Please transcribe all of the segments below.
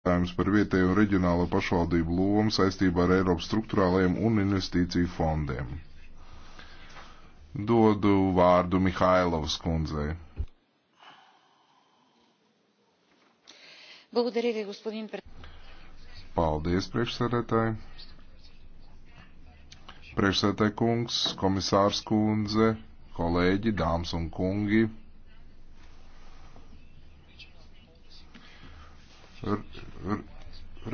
jautājums par vietējo un reģionālo pašvaldību lomu saistībā ar Eiropas struktūrālajiem un investīciju fondiem. Dodu vārdu Mihailovas kundzei. Paldies, priekšsēdētāji. Priekšsēdētāji kungs, komisārs kundze, kolēģi, dāmas un kungi.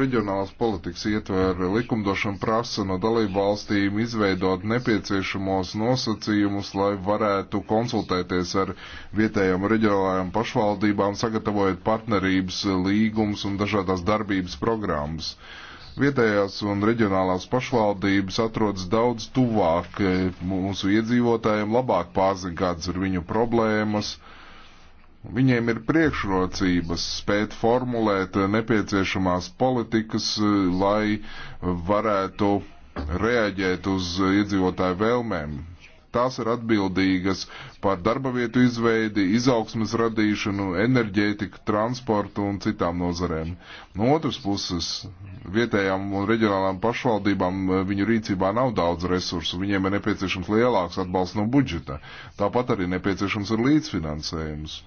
Reģionālās politikas ietver likumdošana prasa no dalību valstīm izveidot nepieciešamos nosacījumus, lai varētu konsultēties ar vietējām reģionālajām pašvaldībām, sagatavojot partnerības līgums un dažādās darbības programmas. Vietējās un reģionālās pašvaldības atrodas daudz tuvāk mūsu iedzīvotājiem, labāk pārzina, kādas ir viņu problēmas, uh, Viņiem ir priekšrocības spēt formulēt nepieciešamās politikas, eh, lai varētu reaģēt uz iedzīvotāju vēlmēm. Tās ir atbildīgas par darba vietu izveidi, izaugsmas radīšanu, enerģētiku, transportu un citām nozarēm. No otras puses, vietējām un reģionālām pašvaldībām eh, viņu rīcībā nav daudz resursu, viņiem ir nepieciešams lielāks atbalsts no budžeta. Tāpat arī nepieciešams ir līdzfinansējums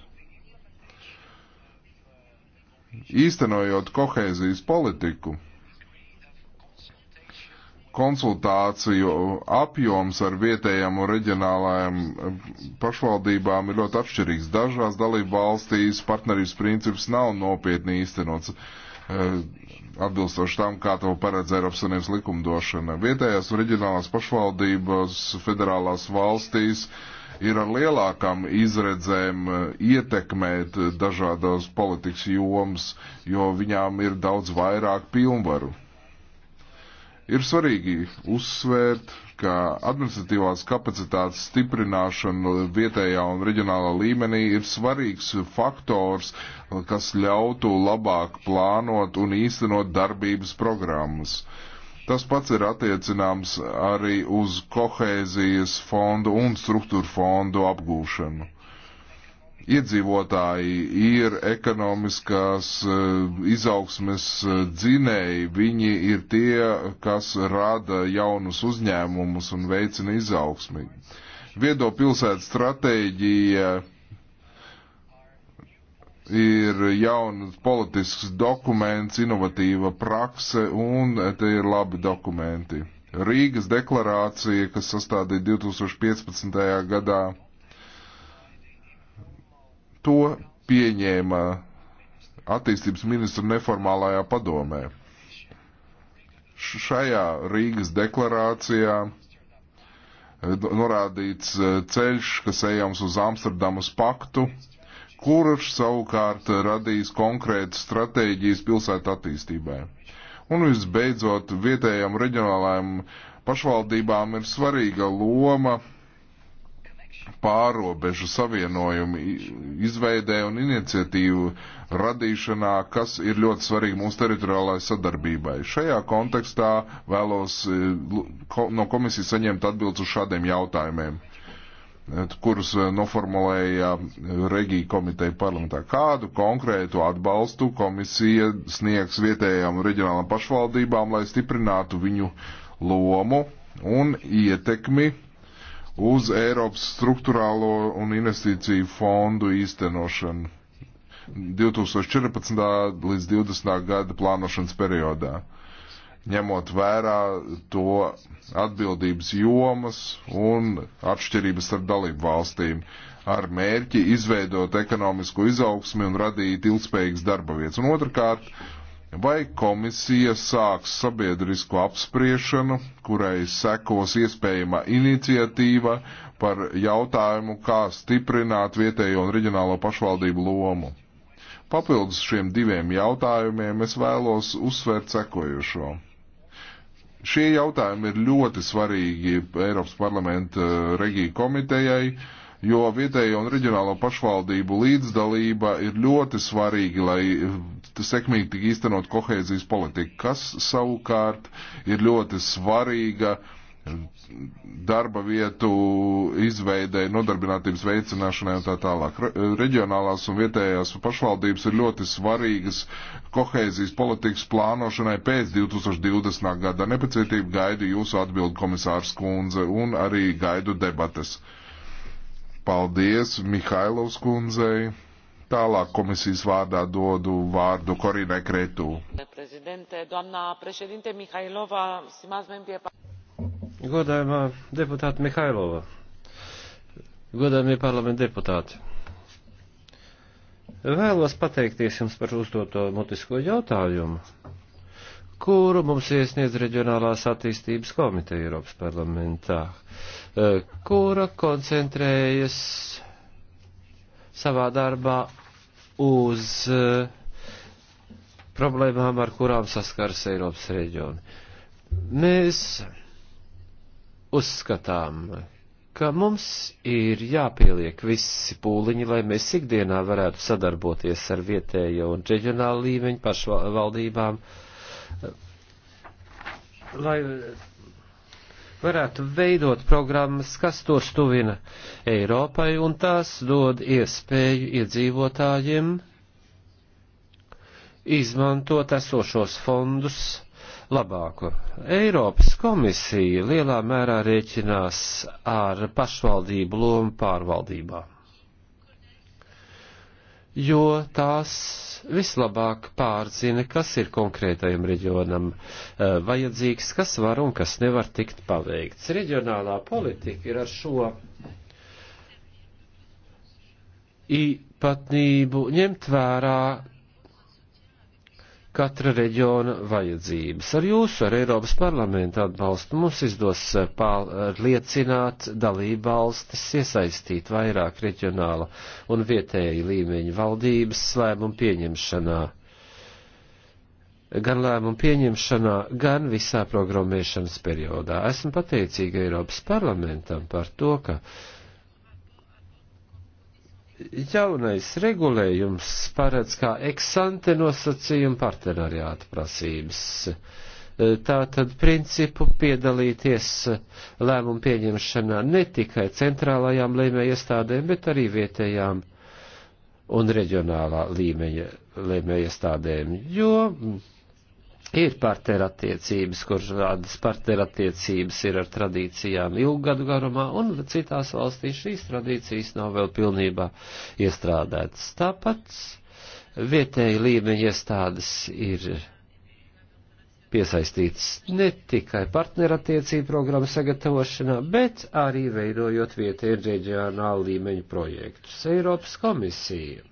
īstenojot kohēzijas politiku, konsultāciju apjoms ar vietējām un reģionālajām eh, pašvaldībām ir ļoti atšķirīgs. Dažās dalību valstīs partnerības princips nav nopietni īstenots eh, atbilstoši tam, kā to paredz Eiropas Savienības likumdošana. Vietējās un reģionālās pašvaldības federālās valstīs uh, ir ar lielākām izredzēm eh, ietekmēt eh, dažādos politikas jomas, jo viņām ir daudz vairāk pilnvaru. Ir svarīgi uzsvērt, ka administratīvās kapacitātes stiprināšana vietējā un reģionālā līmenī ir svarīgs faktors, kas ļautu labāk plānot un īstenot darbības programmas. Uh, Tas pats ir attiecināms arī uz kohēzijas fondu un struktūra fondu apgūšanu. Iedzīvotāji ir ekonomiskās e, izaugsmes e, dzinēji, viņi ir tie, kas rada jaunus uzņēmumus un veicina izaugsmi. Viedo pilsētas stratēģija ir jauns politisks dokuments, inovatīva prakse un te ir labi dokumenti. Rīgas deklarācija, kas sastādīja 2015. gadā, to pieņēma attīstības ministra neformālajā padomē. Šajā Rīgas deklarācijā eh, norādīts eh, ceļš, kas ejams uz Amsterdamas paktu, kurš savukārt radīs konkrētas stratēģijas pilsētu attīstībai. Un visbeidzot, vietējām reģionālajām pašvaldībām ir svarīga loma pārobežu savienojumu izveidē un iniciatīvu radīšanā, kas ir ļoti svarīgi mūsu teritoriālajai sadarbībai. Šajā kontekstā vēlos eh, no komisijas saņemt atbildes uz šādiem jautājumiem kurus eh, noformulēja eh, Regija komiteja parlamentā. Kādu konkrētu atbalstu komisija sniegs vietējām un reģionālām pašvaldībām, lai stiprinātu viņu lomu un ietekmi uz Eiropas struktūrālo un investīciju fondu īstenošanu 2014. līdz 2020. gada plānošanas periodā? ņemot vērā to atbildības jomas un atšķirības starp dalību valstīm ar mērķi izveidot ekonomisko izaugsmi un radīt ilgspējīgas darba vietas. Un otrkārt, vai komisija sāks sabiedrisko apspriešanu, kurai sekos iespējama iniciatīva par jautājumu, kā stiprināt vietējo un reģionālo pašvaldību lomu. Papildus šiem diviem jautājumiem es vēlos uzsvērt sekojušo. Šie jautājumi ir ļoti svarīgi Eiropas parlamenta eh, regiju komitejai, jo vietējo un reģionālo pašvaldību līdzdalība ir ļoti svarīga, lai eh, sekmīgi tik īstenot kohēzijas politiku, kas savukārt ir ļoti svarīga uh, darba vietu izveidē, nodarbinātības veicināšanai un tā tālāk. Reģionālās un vietējās pašvaldības ir ļoti svarīgas kohēzijas politikas plānošanai pēc 2020. gada. Nepacietību gaidu jūsu atbildu komisārs kundze un arī gaidu debates. Paldies Mihailovs kundzei. Tālāk komisijas vārdā dodu vārdu Korinai Kretū. Prezidente, doamna președinte Mihailova, stimați membri Godājumā deputāta Mihailova. Godājumie parlamenta deputāti. Vēlos pateikties jums par uzdoto mutisko jautājumu, kuru mums iesniedz Reģionālās attīstības komiteja Eiropas parlamentā, e, kura koncentrējas savā darbā uz e, problēmām, ar kurām saskars Eiropas reģioni. Mēs uzskatām, ka mums ir jāpieliek visi pūliņi, lai mēs ikdienā varētu sadarboties ar vietējo un reģionālu līmeņu pašvaldībām, lai varētu veidot programmas, kas to stuvina Eiropai, un tās dod iespēju iedzīvotājiem izmantot esošos fondus, labāku. Eiropas komisija lielā mērā rēķinās ar pašvaldību lomu pārvaldībā, jo tās vislabāk pārzina, kas ir konkrētajam reģionam eh, vajadzīgs, kas var un kas nevar tikt paveikts. Reģionālā politika ir ar šo īpatnību ņemt vērā katra reģiona vajadzības. Ar jūsu, ar Eiropas parlamentu atbalstu mums izdos eh, eh, liecināt dalību valstis, iesaistīt vairāk reģionāla un vietēja līmeņa valdības lēmumu pieņemšanā. Gan lēmumu pieņemšanā, gan visā programmēšanas periodā. Esmu pateicīga Eiropas parlamentam par to, ka jaunais regulējums paredz kā eksante nosacījuma partenariāta prasības. E, tātad principu piedalīties lēmumu pieņemšanā ne tikai centrālajām lēmē iestādēm, bet arī vietējām un reģionālā līmeņa lēmē iestādēm, jo Ir partnerattiecības, kur šādas partnerattiecības ir ar tradīcijām ilgu gadu garumā, un citās valstīs šīs tradīcijas nav vēl pilnībā iestrādētas. Tāpat vietēji līmeņa iestādes ir piesaistītas ne tikai partnerattiecību programmu sagatavošanā, bet arī veidojot vietēju reģionālu līmeņu projektus. Eiropas komisija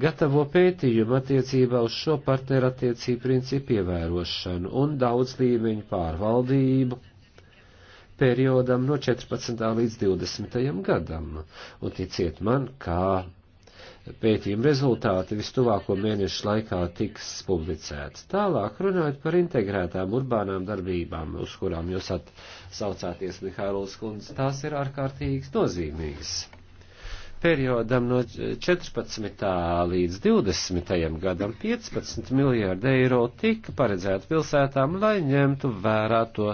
gatavo pētījumu attiecībā uz šo partneru attiecību principu ievērošanu un daudz līmeņu pārvaldību periodam no 14. līdz 20. gadam. Un ticiet man, kā pētījuma rezultāti vistuvāko mēnešu laikā tiks publicēti. Tālāk runājot par integrētām urbānām darbībām, uz kurām jūs atsaucāties, Mihailovs kundze, tās ir ārkārtīgi nozīmīgas periodam no 14. līdz 20. gadam 15 miljārdi eiro tika paredzēta pilsētām, lai ņemtu vērā to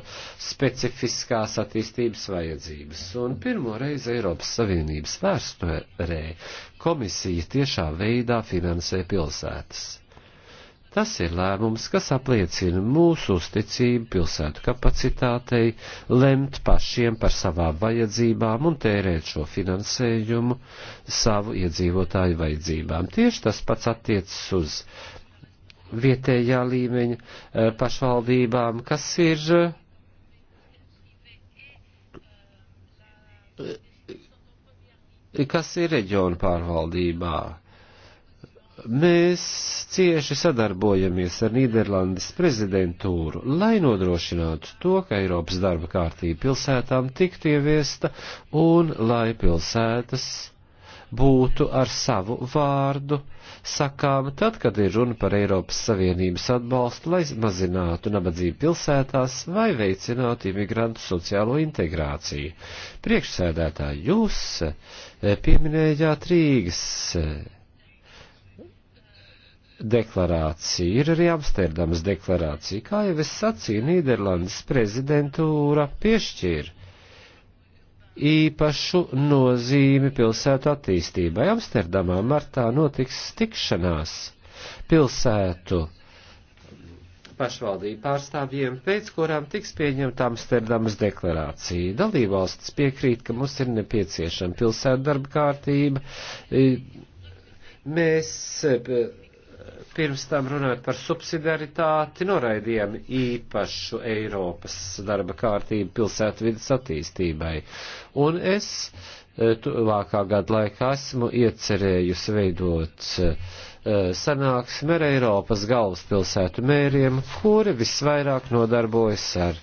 specifiskās attīstības vajadzības. Un pirmo reizi Eiropas Savienības vēsturē komisija tiešā veidā finansē pilsētas. Tas ir lēmums, kas apliecina mūsu uzticību pilsētu kapacitātei lemt pašiem par savām vajadzībām un tērēt šo finansējumu savu iedzīvotāju vajadzībām. Tieši tas pats attiecas uz vietējā līmeņa e, pašvaldībām, kas ir e, kas ir reģiona pārvaldībā Mēs cieši sadarbojamies ar Nīderlandes prezidentūru, lai nodrošinātu to, ka Eiropas darba kārtība pilsētām tiktu ieviesta un lai pilsētas būtu ar savu vārdu sakām tad, kad ir runa par Eiropas Savienības atbalstu, lai mazinātu nabadzību pilsētās vai veicinātu imigrantu sociālo integrāciju. Priekšsēdētāji, jūs pieminējāt Rīgas deklarācija, ir arī Amsterdamas deklarācija. Kā jau es sacīju, Nīderlandes prezidentūra piešķīra īpašu nozīmi pilsētu attīstībai. Amsterdamā martā notiks tikšanās pilsētu pašvaldību pārstāvjiem, pēc kurām tiks pieņemta Amsterdamas deklarācija. Dalībvalstis piekrīt, ka mums ir nepieciešama pilsētu darba kārtība. Mēs pirms tam runājot par subsidiaritāti, noraidījām īpašu Eiropas darba kārtību pilsētvidas attīstībai. Un es e, tuvākā gada laikā esmu iecerējusi veidot uh, Eh, sanāksme ar Eiropas galvaspilsētu mēriem, kuri visvairāk nodarbojas ar,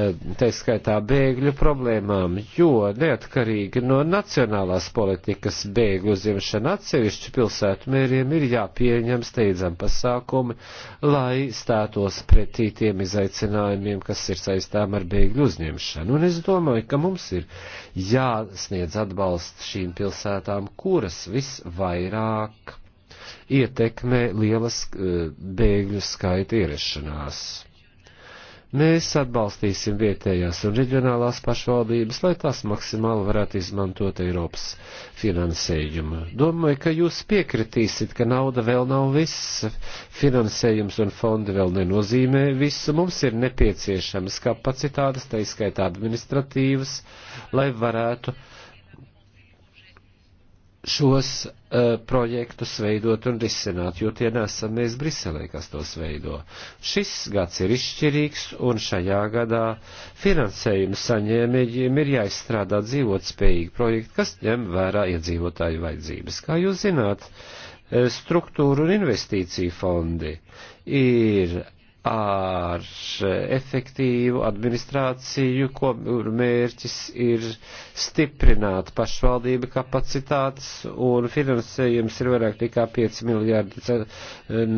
eh, tā skaitā, bēgļu problēmām, jo neatkarīgi no nacionālās politikas bēgļu uzņemšana atsevišķu pilsētu mēriem ir jāpieņem steidzam pasākumi, lai stātos pretī tiem izaicinājumiem, kas ir saistām ar bēgļu uzņemšanu. Un es domāju, ka mums ir jāsniedz atbalsts šīm pilsētām, kuras visvairāk ietekmē lielas eh, bēgļu skaita ierašanās. Mēs atbalstīsim vietējās un reģionālās pašvaldības, lai tās maksimāli varētu izmantot Eiropas finansējumu. Domāju, ka jūs piekritīsiet, ka nauda vēl nav viss, finansējums un fondi vēl nenozīmē visu. Mums ir nepieciešamas kapacitātes, taiskaitā administratīvas, lai varētu uh, šos uh, projektus veidot un risināt, jo tie nesam mēs Briselē, kas tos veido. Šis gads ir izšķirīgs, un šajā gadā finansējuma saņēmējiem ir jāizstrādā dzīvotspējīgi projekti, kas ņem vērā iedzīvotāju vajadzības. Kā jūs zināt, eh, struktūru un investīciju fondi ir ar eh, efektīvu administrāciju, ko mērķis ir stiprināt pašvaldību kapacitātes, un finansējums ir vairāk nekā 5 miljārdi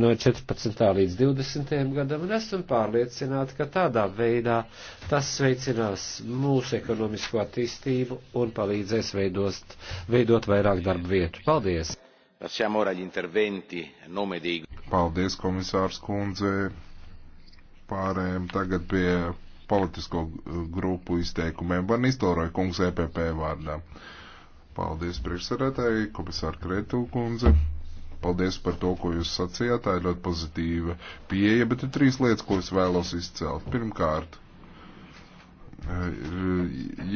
no 14. līdz 20. gadam, un esam pārliecināti, ka tādā veidā tas veicinās mūsu ekonomisko attīstību un palīdzēs veidost, veidot vairāk darba vietu. Paldies! Passiamo ora agli interventi a nome dei... Paldies, komisārs Kunze. Pārējiem tagad pie politisko grupu izteikumiem. Van Nistelroja kungs EPP vārdā. Paldies priekšsarētāji, komisāra Kretu kundze. Paldies par to, ko jūs sacījāt. Tā ir ļoti pozitīva pieeja, bet ir trīs lietas, ko es vēlos izcelt. Pirmkārt,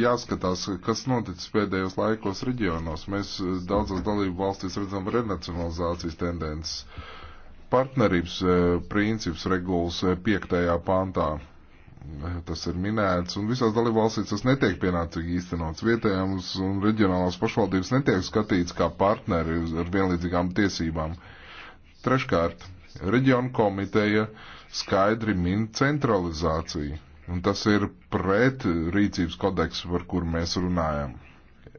jāskatās, kas noticis pēdējos laikos reģionos. Mēs daudzās dalību valstīs redzam renacionalizācijas tendences partnerības e, princips regulas e, piektajā pantā. E, tas ir minēts, un visās dalībvalstīs tas netiek pienācīgi īstenots. Vietējās un reģionālās pašvaldības netiek skatīts kā partneri ar vienlīdzīgām tiesībām. Treškārt, reģionu komiteja skaidri min centralizāciju, un tas ir pret rīcības kodeksu, par kur mēs runājam.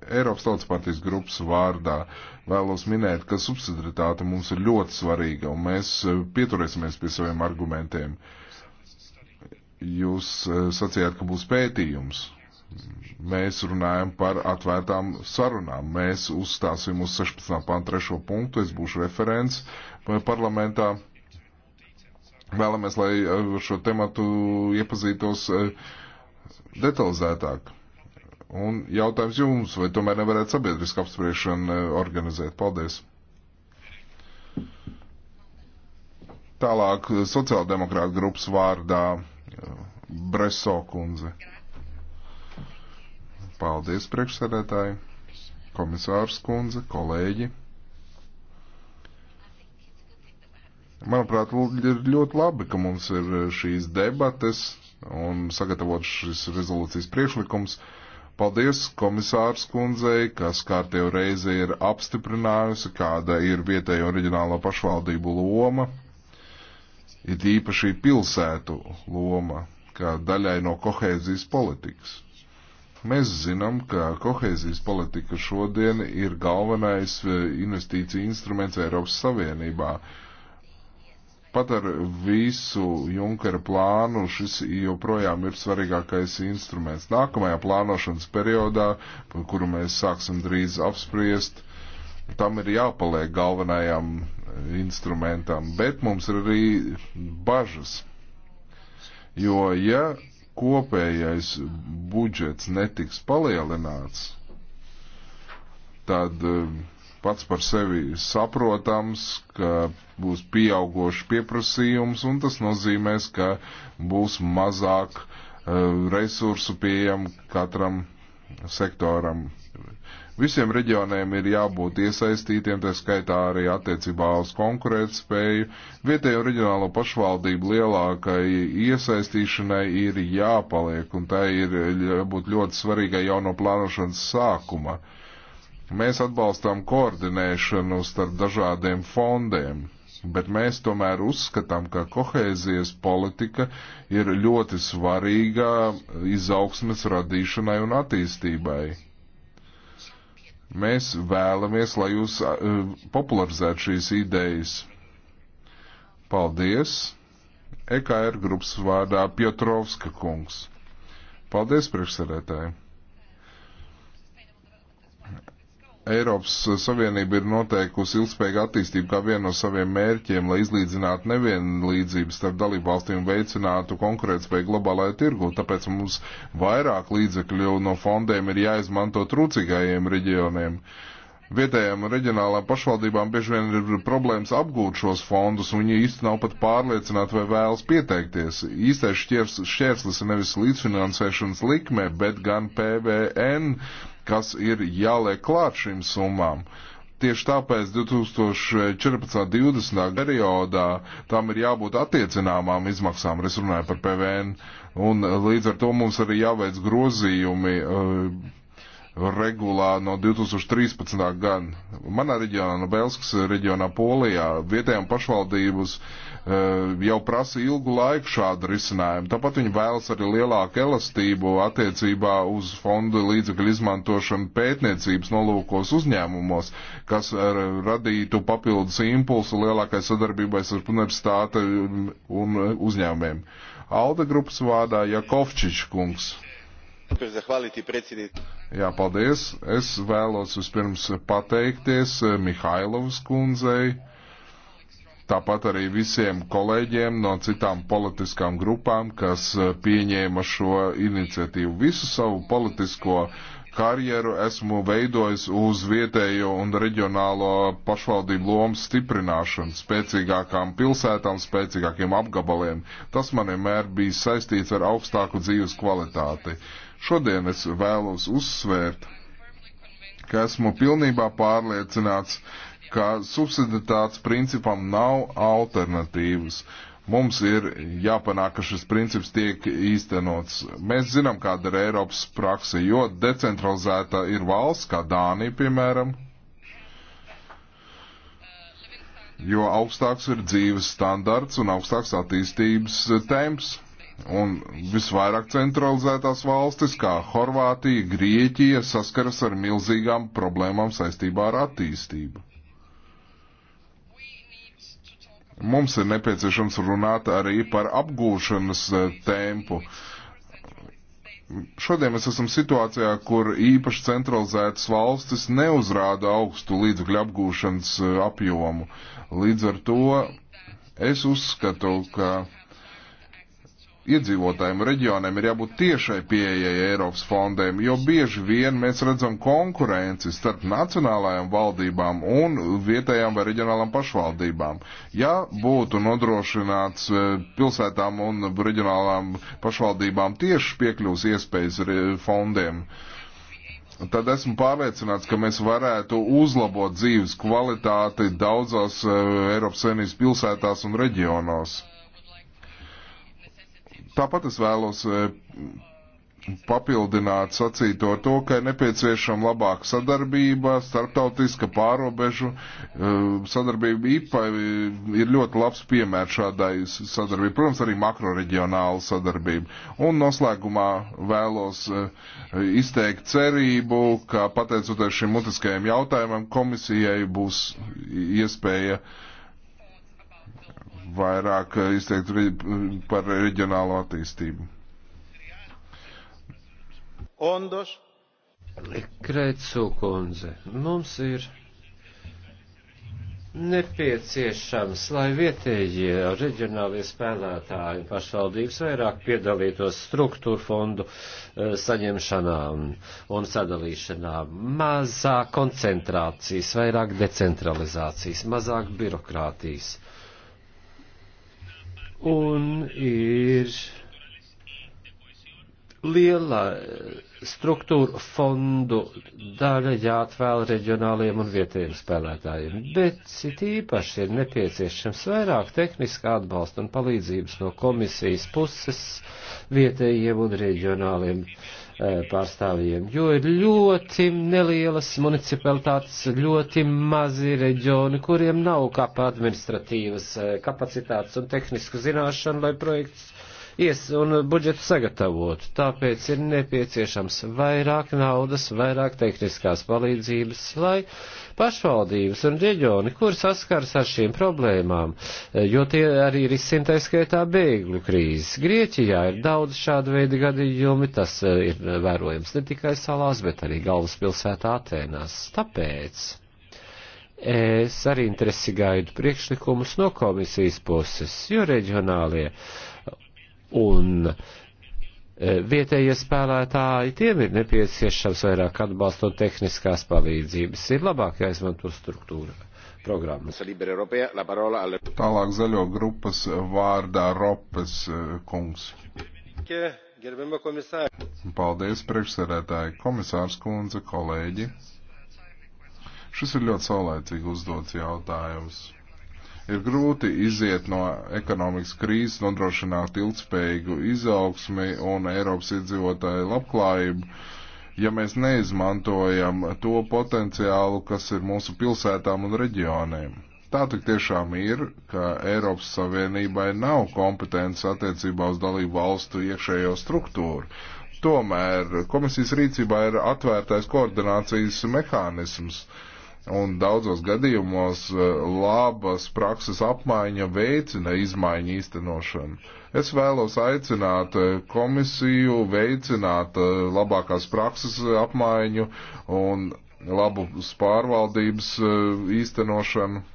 Eiropas Tautas partijas grupas vārdā vēlos minēt, ka subsidaritāte mums ir ļoti svarīga, un mēs e, pieturēsimies pie saviem argumentiem. Jūs e, sacījāt, ka būs pētījums. Mēs runājam par atvērtām sarunām. Mēs uzstāsim uz 16. pānta trešo punktu. Es būšu referents parlamentā. Vēlamies, lai ar e, šo tematu iepazītos detalizētāk. Un jautājums jums, vai tomēr nevarētu sabiedrisku apspriešanu eh, organizēt? Paldies! Tālāk sociāldemokrāta grupas vārdā eh, Breso kundze. Paldies, priekšsēdētāji, komisārs kundze, kolēģi. Manuprāt, ir ļoti labi, ka mums ir eh, šīs debates un sagatavots šis rezolūcijas priekšlikums. Uh, Paldies komisārs kundzei, kas kārtējo reizi ir apstiprinājusi, kāda ir vietēja oriģinālo pašvaldību loma, ir īpaši pilsētu loma, kā daļai no kohēzijas politikas. Mēs zinām, ka kohēzijas politika šodien ir galvenais eh, investīcija instruments Eiropas Savienībā. Uh, Pat ar visu Junkera plānu šis joprojām ir svarīgākais instruments. Nākamajā plānošanas periodā, kuru mēs sāksim drīz apspriest, tam ir jāpaliek galvenajam instrumentam, bet mums ir arī bažas. Jo, ja kopējais budžets netiks palielināts, tad uh, pats par sevi saprotams, ka būs pieaugošs pieprasījums, un tas nozīmēs, ka būs mazāk eh, resursu pieejam katram sektoram. Visiem reģioniem ir jābūt iesaistītiem, tā skaitā arī attiecībā uz konkurētspēju. Vietējo reģionālo pašvaldību lielākai iesaistīšanai ir jāpaliek, un tā ir jābūt ļoti svarīgai jauno plānošanas sākuma. Uh, Mēs atbalstām koordinēšanu starp dažādiem fondiem, bet mēs tomēr uzskatām, ka kohēzijas politika ir ļoti svarīga izaugsmes radīšanai un attīstībai. Mēs vēlamies, lai jūs uh, popularizētu šīs idejas. Paldies! EKR grupas vārdā Piotrovska kungs. Paldies, priekšsēdētāji! Eiropas Savienība ir noteikusi ilgspējīgu attīstību kā vienu no saviem mērķiem, lai izlīdzinātu nevienlīdzības starp dalībvalstīm un veicinātu konkurētspēju globālajā tirgu. Tāpēc mums vairāk līdzekļu no fondiem ir jāizmanto trūcīgajiem reģioniem. Vietējām reģionālām pašvaldībām bieži vien ir problēmas apgūt šos fondus, un viņi īsti nav pat pārliecināti vai vēlas pieteikties. Īstais šķērslis ir nevis līdzfinansēšanas likme, bet gan PVN kas ir jāliek klāt šīm summām. Tieši tāpēc 2014.20. periodā tam ir jābūt attiecināmām izmaksām, es runāju par PVN, un eh, līdz ar to mums arī jāveic grozījumi uh, regulā no 2013. gada. Manā reģionā, no Belskas reģionā, Polijā, vietējām pašvaldības uh, Eh, jau prasa ilgu laiku šādu risinājumu. Tāpat viņi vēlas arī lielāku elastību attiecībā uz fondu līdzekļu izmantošanu pētniecības nolūkos uzņēmumos, kas radītu papildus impulsu lielākai sadarbībai starp universitāti un uzņēmumiem. Alda grupas vārdā Jakovčič kungs. Jā, paldies. Es vēlos vispirms pateikties Mihailovas kundzei Tāpat arī visiem kolēģiem no citām politiskām grupām, kas eh, pieņēma šo iniciatīvu. Visu savu politisko karjeru esmu veidojis uz vietējo un reģionālo pašvaldību lomu stiprināšanu, spēcīgākām pilsētām, spēcīgākiem apgabaliem. Tas man vienmēr bija saistīts ar augstāku dzīves kvalitāti. Šodien es vēlos uzsvērt, ka esmu pilnībā pārliecināts, uh, ka subsidiatāts principam nav alternatīvas. Mums ir jāpanāk, ka šis princips tiek īstenots. Mēs zinām, kāda ir Eiropas praksa, jo decentralizēta ir valsts, kā Dānija, piemēram, jo augstāks ir dzīves standarts un augstāks attīstības temps. Un visvairāk centralizētās valstis, kā Horvātija, Grieķija, saskaras ar milzīgām problēmām saistībā ar attīstību. Mums ir nepieciešams runāt arī par apgūšanas e, tempu. Šodien mēs esam situācijā, kur īpaši centralizētas valstis neuzrāda augstu līdzekļu apgūšanas e, apjomu. Līdz ar to es uzskatu, ka iedzīvotājiem, reģioniem ir jābūt tiešai pieejai Eiropas fondiem, jo bieži vien mēs redzam konkurenci starp nacionālajām valdībām un vietējām vai reģionālām pašvaldībām. Ja būtu nodrošināts e, pilsētām un reģionālām pašvaldībām tieši piekļūs iespējas fondiem, tad esmu pārliecināts, ka mēs varētu uzlabot dzīves kvalitāti daudzās e, Eiropas Savienības pilsētās un reģionos. Tāpat es vēlos e, papildināt sacīto ar to, ka ir nepieciešama labāka sadarbība, starptautiska pārobežu e, sadarbība. IPA ir ļoti labs piemērs šādai sadarbībai, protams, arī makroreģionāla sadarbība. Un noslēgumā vēlos e, izteikt cerību, ka pateicoties šim mutiskajam jautājumam, komisijai būs iespēja uh, vairāk eh, izteikt par reģionālo attīstību. Ondos. Kreicu kundze, mums ir nepieciešams, lai vietējie reģionālie spēlētāji pašvaldības vairāk piedalītos struktūra fondu eh, saņemšanām un sadalīšanā. Mazāk koncentrācijas, vairāk decentralizācijas, mazāk birokrātijas un ir liela struktūra fondu daļa jāatvēl reģionāliem un vietējiem spēlētājiem, bet it īpaši ir nepieciešams vairāk tehniskā atbalsta un palīdzības no komisijas puses vietējiem un reģionāliem spēlētājiem E, pārstāvjiem, jo ir ļoti nelielas municipalitātes, ļoti mazi reģioni, kuriem nav kāpa administratīvas e, kapacitātes un tehnisku zināšanu, lai projekts ies un budžetu sagatavotu. Tāpēc ir nepieciešams vairāk naudas, vairāk tehniskās palīdzības, lai pašvaldības un reģioni, kur saskars ar šīm problēmām, e, jo tie arī ir izsimtai skaitā bēgļu krīzes. Grieķijā ir daudz šādu veidu gadījumi, tas e, ir vērojams ne tikai salās, bet arī galvaspilsētā Atēnās. Tāpēc. Es ar interesi gaidu priekšlikumus no komisijas puses, jo reģionālie un uh, E, vietējie spēlētāji, tiem ir nepieciešams vairāk atbalsta un tehniskās palīdzības. Ir labāk jāizmanto struktūra programmas. Tālāk zaļo grupas vārdā Ropes e, kungs. Paldies, priekšsarētāji, komisārs kundze, kolēģi. Šis ir ļoti saulēcīgi uzdots jautājums Ir grūti iziet no ekonomikas krīzes, nodrošināt ilgspējīgu izaugsmi un Eiropas iedzīvotāju labklājību, ja mēs neizmantojam to potenciālu, kas ir mūsu pilsētām un reģioniem. Tā tik tiešām ir, ka Eiropas Savienībai nav kompetences attiecībā uz dalību valstu iekšējo struktūru, Tomēr komisijas rīcībā ir atvērtais koordinācijas mehānisms, Un daudzos gadījumos e, labas prakses apmaiņa veicina izmaiņu īstenošanu. Es vēlos aicināt e, komisiju veicināt e, labākās prakses apmaiņu un labu pārvaldības īstenošanu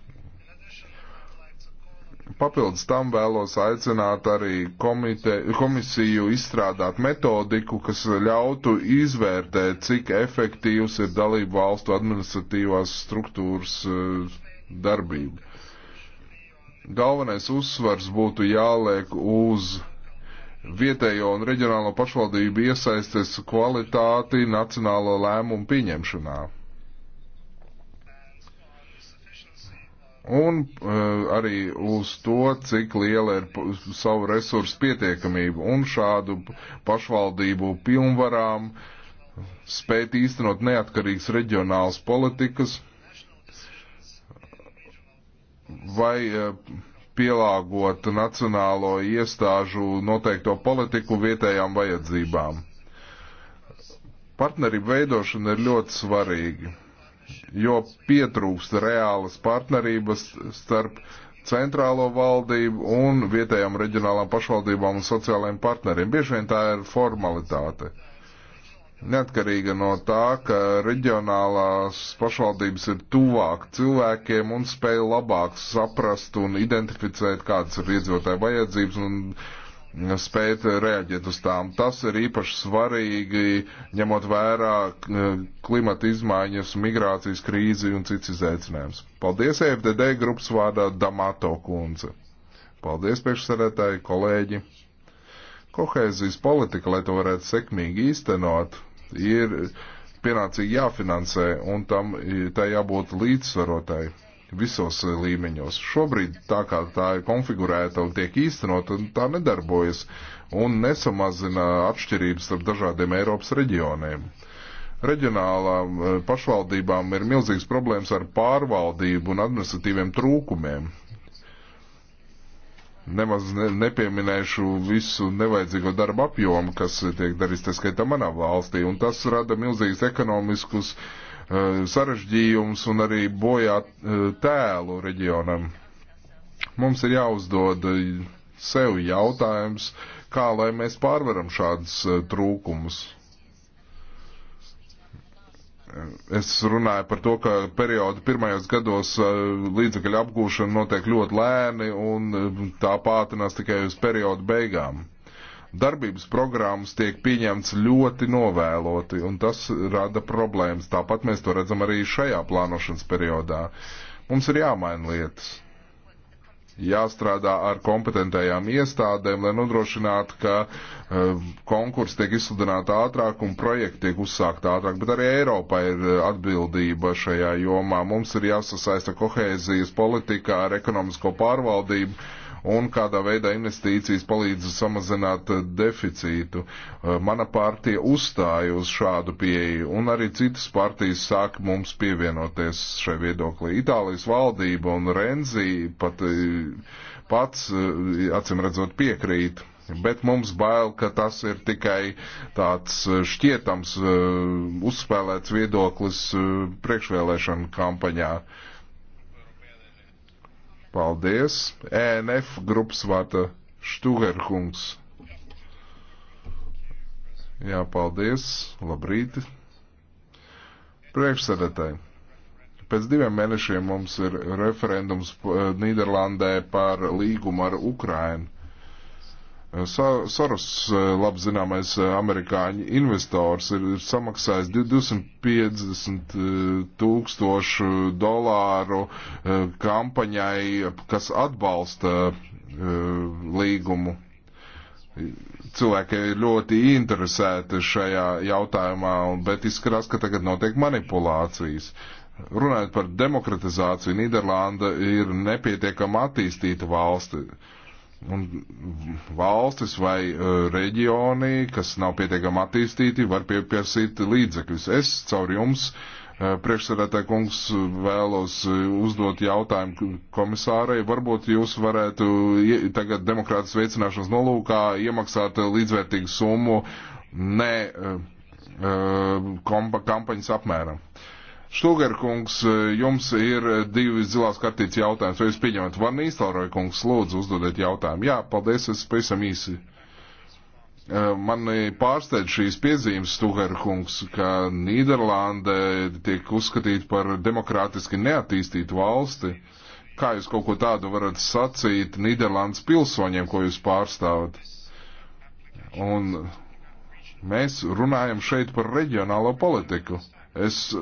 Papildus tam vēlos aicināt arī komite, komisiju izstrādāt metodiku, kas ļautu izvērtēt, cik efektīvs ir dalību valstu administratīvās struktūras eh, darbība. Galvenais uzsvars būtu jāliek uz vietējo un reģionālo pašvaldību iesaistes kvalitāti nacionālo lēmumu pieņemšanā. un uh, arī uz to, cik liela ir savu resursu pietiekamība un šādu pašvaldību pilnvarām spēt īstenot neatkarīgas reģionālas politikas vai uh, pielāgot nacionālo iestāžu noteikto politiku vietējām vajadzībām. Partnerību veidošana ir ļoti svarīga jo pietrūkst reālas partnerības starp centrālo valdību un vietējām reģionālām pašvaldībām un sociālajiem partneriem. Bieži vien tā ir formalitāte. Neatkarīga no tā, ka reģionālās pašvaldības ir tuvāk cilvēkiem un spēj labāk saprast un identificēt, kādas ir iedzīvotāju vajadzības un spēt reaģēt uz tām. Tas ir īpaši svarīgi, ņemot vērā eh, klimata izmaiņas, migrācijas krīzi un cits izaicinājums. Paldies EFDD grupas vārdā Damato kundze. Paldies priekšsarētāji, kolēģi. Kohēzijas politika, lai to varētu sekmīgi īstenot, ir pienācīgi jāfinansē un tam eh, tā jābūt līdzsvarotai visos eh, līmeņos. Šobrīd tā kā tā ir konfigurēta un tiek īstenota, tā nedarbojas un nesamazina atšķirības starp dažādiem Eiropas reģioniem. Reģionālām eh, pašvaldībām ir milzīgs problēmas ar pārvaldību un administratīviem trūkumiem. Nemaz ne, nepieminēšu visu nevajadzīgo darbu apjomu, kas tiek darīts, tā skaitā manā valstī, un tas rada milzīgas ekonomiskus uh, Eh, sarežģījums un arī bojā eh, tēlu reģionam. Mums ir jāuzdod eh, sev jautājums, kā lai mēs pārvaram šādus trūkumus. Es runāju par to, ka perioda pirmajos gados līdzekļu apgūšana notiek ļoti lēni un tā pātrinās tikai uz perioda beigām. Darbības programmas tiek pieņemts ļoti novēloti, un tas rada problēmas. Tāpat mēs to redzam arī šajā plānošanas periodā. Mums ir jāmaina lietas jāstrādā ar kompetentajām iestādēm, lai nodrošinātu, ka uh, eh, konkursi tiek izsludināti ātrāk un projekti tiek uzsākti ātrāk, bet arī Eiropā ir eh, atbildība šajā jomā. Mums ir jāsasaista kohēzijas politikā ar ekonomisko pārvaldību un kādā veidā investīcijas palīdz samazināt eh, deficītu. Eh, mana partija uzstāja uz šādu pieeju, un arī citas partijas sāk mums pievienoties šai viedoklī. Itālijas valdība un Renzi pat eh, pats, acim redzot, piekrīt bet mums bail, ka tas ir tikai tāds šķietams, uzspēlēts viedoklis priekšvēlēšana kampaņā. Paldies. ENF grupas vārta Štugerkungs. Jā, paldies. Labrīt. Priekšsēdētāji. Pēc diviem mēnešiem mums ir referendums eh, Nīderlandē par līgumu ar Ukrainu Eh, Soros, eh, labi zināmais eh, amerikāņu investors, ir samaksājis 250 tūkstošu dolāru kampaņai, kas atbalsta līgumu. Cilvēki ir ļoti interesēti šajā jautājumā, bet izskatās, ka tagad notiek manipulācijas. Runājot par demokratizāciju, Nīderlanda ir nepietiekama attīstīta valsts Un valstis vai e, reģioni, kas nav pietiekami attīstīti, var pieprasīt līdzekļus. Es caur jums, e, priekšsarētāji kungs, vēlos uzdot jautājumu komisārai. Varbūt jūs varētu tagad demokrātas veicināšanas nolūkā iemaksāt līdzvērtīgu summu ne e, kampaņas apmēram. Uh, Štugarkungs, eh, jums ir eh, divi zilās kartītes jautājums. Vai jūs pieņemat? Van Īstāroja kungs, lūdzu, uzdodiet jautājumu. Jā, paldies, es pavisam īsi. Eh, Man pārsteidz šīs piezīmes, Stugarkungs, ka Nīderlanda tiek uzskatīta par demokrātiski neattīstītu valsti. Kā jūs kaut ko tādu varat sacīt Nīderlandes pilsoņiem, ko jūs pārstāvat? Un Mēs runājam šeit par reģionālo politiku. Es eh,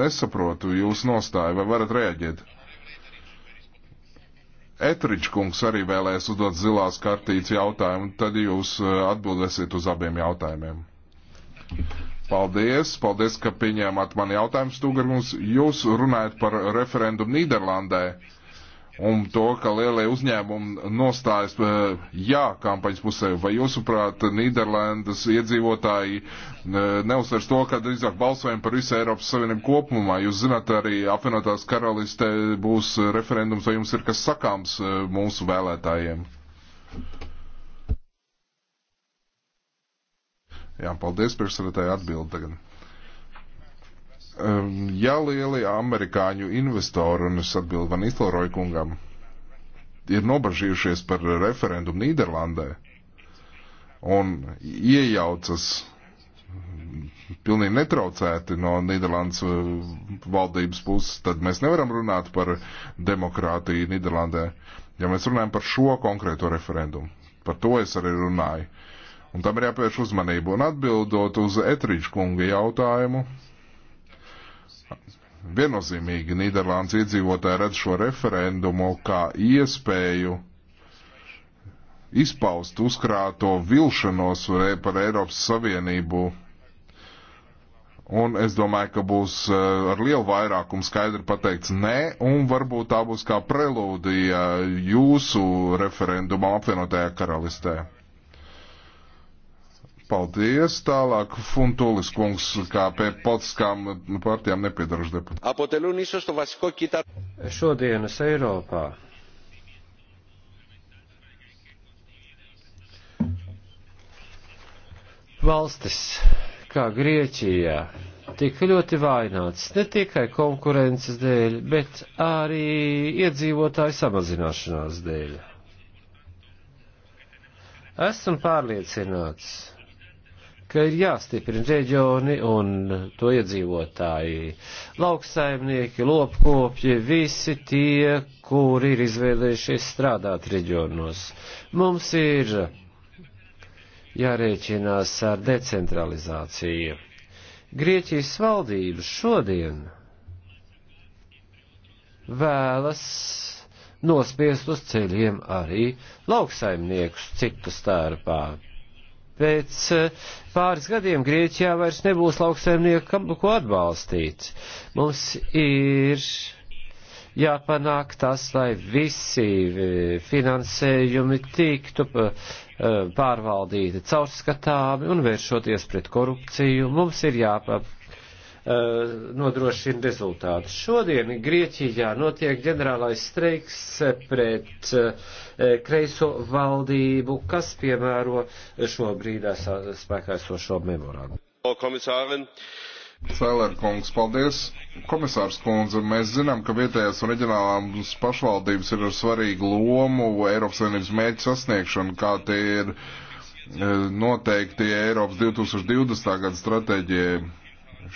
nesaprotu jūsu nostāju, vai varat reaģēt? Etričkungs arī vēlēs uzdot zilās kartītes jautājumu, tad jūs eh, atbildēsiet uz abiem jautājumiem. Paldies, paldies, ka pieņēmāt mani jautājumu, Stūgarkungs. Jūs runājat par referendumu Nīderlandē un to, ka lielie uzņēmumi nostājas eh, jā kampaņas pusē. Vai jūsuprāt, Nīderlandes iedzīvotāji eh, neuzsvers to, ka drīzāk balsojam par visu Eiropas Savienību kopumā? Jūs zināt, arī apvienotās karalistē būs referendums, vai jums ir kas sakāms eh, mūsu vēlētājiem? Jā, paldies, priekšsēdētāji atbild tagad ja lieli amerikāņu investori, un es atbildu Van Isleroju kungam, ir nobažījušies par referendumu Nīderlandē un iejaucas pilnīgi netraucēti no Nīderlandes eh, valdības puses, tad mēs nevaram runāt par demokrātiju Nīderlandē, ja mēs runājam par šo konkrēto referendumu. Par to es arī runāju. Un tam ir jāpievērš uzmanību. Un atbildot uz Etriģa kunga jautājumu, Viennozīmīgi Nīderlandes iedzīvotāji redz šo referendumu kā iespēju izpaust uzkrāto vilšanos par Eiropas Savienību. Un es domāju, ka būs eh, ar lielu vairākumu skaidri pateikts nē, un varbūt tā būs kā prelūdija jūsu referendumam apvienotajā karalistē. Paldies. Tālāk Funtulis kungs, kā pie politiskām partijām nepiedaruši deputāti. Šodienas Eiropā valstis kā Grieķijā tika ļoti vaināts ne tikai konkurences dēļ, bet arī iedzīvotāju samazināšanās dēļ. Esmu pārliecināts, ka ir jāstiprina reģioni un to iedzīvotāji. Lauksaimnieki, lopkopji, visi tie, kuri ir izvēlējušies strādāt reģionos. Mums ir jārēķinās ar decentralizāciju. Grieķijas valdība šodien vēlas nospiest uz ceļiem arī lauksaimniekus citu starpā pēc eh, pāris gadiem Grieķijā vairs nebūs lauksaimnieku, ko atbalstīt. Mums ir jāpanāk tas, lai visi eh, finansējumi tiktu eh, pārvaldīti caurskatāmi un vēršoties pret korupciju. Mums ir jāpanāk Eh, nodrošina rezultātus. Šodien Grieķijā notiek ģenerālais streiks pret eh, kreiso valdību, kas piemēro šobrīd spēkā esošo memorandu. Cēlēr kungs, paldies. Komisārs kundze, mēs zinām, ka vietējās un reģionālās pašvaldības ir ar svarīgu lomu Eiropas Savienības mērķu sasniegšanu, kā tie ir eh, noteikti Eiropas 2020. gada stratēģijai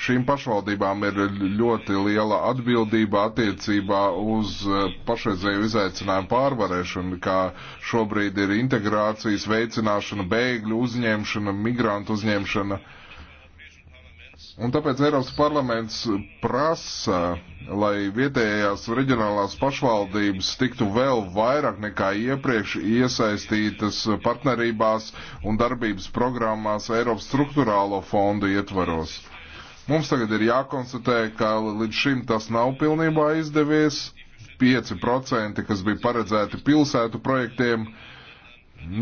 Šīm pašvaldībām ir ļoti liela atbildība attiecībā uz eh, pašreizēju izaicinājumu pārvarēšanu, kā šobrīd ir integrācijas veicināšana, bēgļu uzņemšana, migrantu uzņemšana. Un tāpēc Eiropas parlaments prasa, lai vietējās reģionālās pašvaldības tiktu vēl vairāk nekā iepriekš iesaistītas partnerībās un darbības programmās Eiropas struktūrālo fondu ietvaros. Mums tagad ir jākonstatē, ka līdz šim tas nav pilnībā izdevies. 5%, kas bija paredzēti pilsētu projektiem,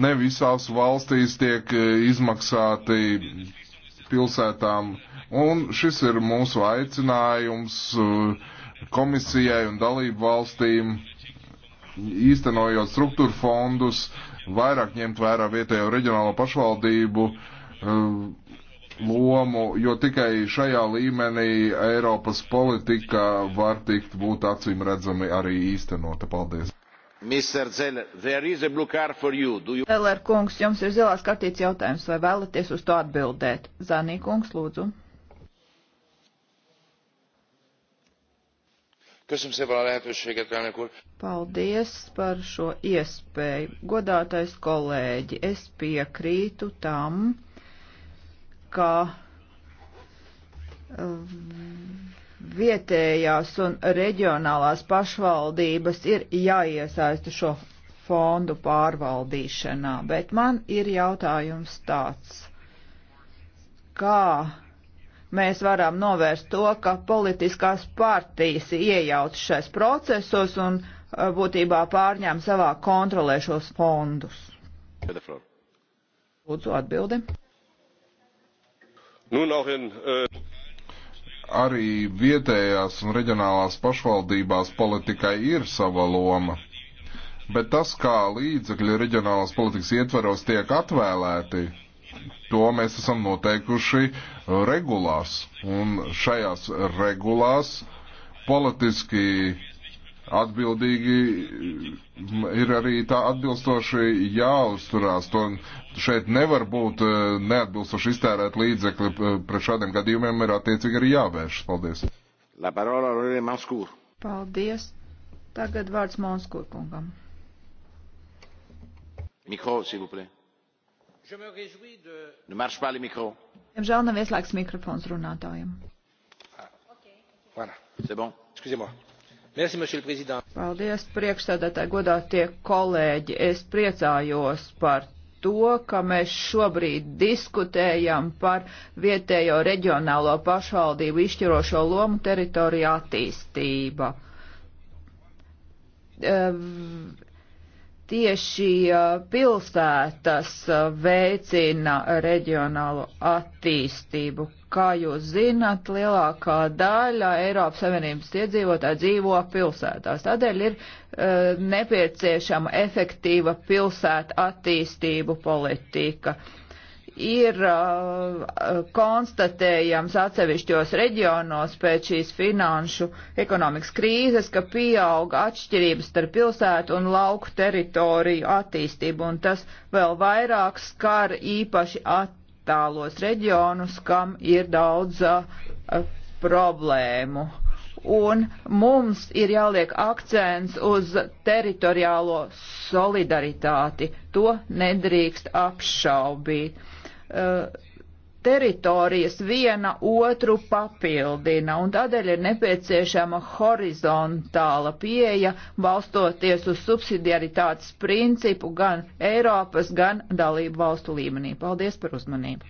ne visās valstīs tiek e, izmaksāti pilsētām. Un šis ir mūsu aicinājums e, komisijai un dalību valstīm īstenojot struktūra fondus, vairāk ņemt vērā vietējo reģionālo pašvaldību uh, lomu, jo tikai šajā līmenī Eiropas politika var tikt būt acīm redzami arī īstenota. Paldies! Mr. Zeller, there is a blue card for you. Do you... Zeller kungs, jums ir zilās kartītes jautājums, vai vēlaties uz to atbildēt? Zanī kungs, lūdzu. Köszönöm szépen a lehetőséget, elnök úr. Paldies par šo iespēju. Godātais kolēģi, es piekrītu tam, ka uh, vietējās un reģionālās pašvaldības ir jāiesaista šo fondu pārvaldīšanā, bet man ir jautājums tāds, kā mēs varam novērst to, ka politiskās partijas iejauc šais procesos un uh, būtībā pārņem savā kontrolē šos fondus. Lūdzu atbildi. Nun auch in, uh... Arī vietējās un reģionālās pašvaldībās politikai ir sava loma, bet tas, kā līdzekļi reģionālās politikas ietveros tiek atvēlēti, to mēs esam noteikuši regulās. Un šajās regulās politiski atbildīgi ir arī tā atbilstoši jāuzturās. To šeit nevar būt eh, neatbilstoši iztērēt līdzekļi. Eh, pret šādiem gadījumiem ir attiecīgi arī jāvēršas. Paldies. La parola Rorē Manskūr. Paldies. Tagad vārds Manskūr kungam. Mikro, s'il vous plaît. Ne marche pas le micro. Diemžēl nav ieslēgts mikrofons runātājiem. Ah. Okay. Voilà. C'est bon. Excusez-moi Paldies, priekšsēdētāji, godātie kolēģi. Es priecājos par to, ka mēs šobrīd diskutējam par vietējo reģionālo pašvaldību izšķirošo lomu teritoriju attīstība. Uh, tieši pilsētas veicina reģionālu attīstību. Kā jūs zināt, lielākā daļa Eiropas Savienības iedzīvotāji dzīvo pilsētās. Tādēļ ir uh, nepieciešama efektīva pilsēta attīstību politika. Uh, ir uh, konstatējams atsevišķos reģionos pēc šīs finanšu ekonomikas krīzes, ka pieauga atšķirības starp pilsētu un lauku teritoriju attīstību, un tas vēl vairāk skar īpaši attālos reģionus, kam ir daudz uh, problēmu. Un mums ir jāliek akcents uz teritoriālo solidaritāti. To nedrīkst apšaubīt Eh, teritorijas viena otru papildina, un tādēļ ir nepieciešama horizontāla pieeja, balstoties uz subsidiaritātes principu gan Eiropas, gan dalību valstu līmenī. Paldies par uzmanību!